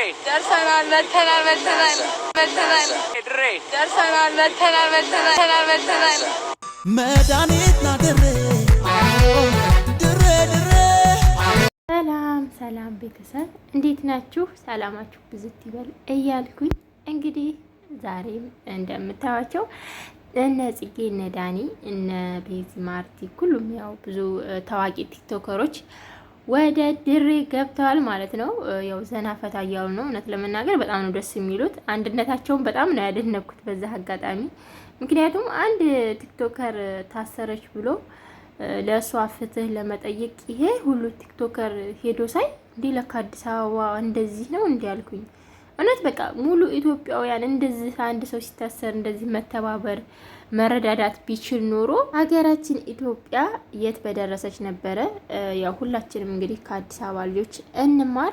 መድኃኒት ናድሬ ድሬ ድሬ ሰላም ሰላም ቤተሰብ እንዴት ናችሁ? ሰላማችሁ ብዝት ይበል እያልኩኝ እንግዲህ ዛሬም እንደምታዩዋቸው እነ ጽጌ እነ ዳኒ እነ ቤዚ ማርቲ ሁሉም ያው ብዙ ታዋቂ ቲክቶከሮች ወደ ድሬ ገብተዋል ማለት ነው። ያው ዘና ፈታ እያሉ ነው። እውነት ለመናገር በጣም ነው ደስ የሚሉት። አንድነታቸውን በጣም ነው ያደነኩት በዛ አጋጣሚ። ምክንያቱም አንድ ቲክቶከር ታሰረች ብሎ ለእሷ ፍትህ ለመጠየቅ ይሄ ሁሉ ቲክቶከር ሄዶ ሳይ እንዲህ ለካ አዲስ አበባ እንደዚህ ነው እንዲያልኩኝ እውነት በቃ ሙሉ ኢትዮጵያውያን እንደዚህ አንድ ሰው ሲታሰር እንደዚህ መተባበር መረዳዳት ቢችል ኖሮ ሀገራችን ኢትዮጵያ የት በደረሰች ነበረ። ያው ሁላችንም እንግዲህ ከአዲስ አበባ ልጆች እንማር።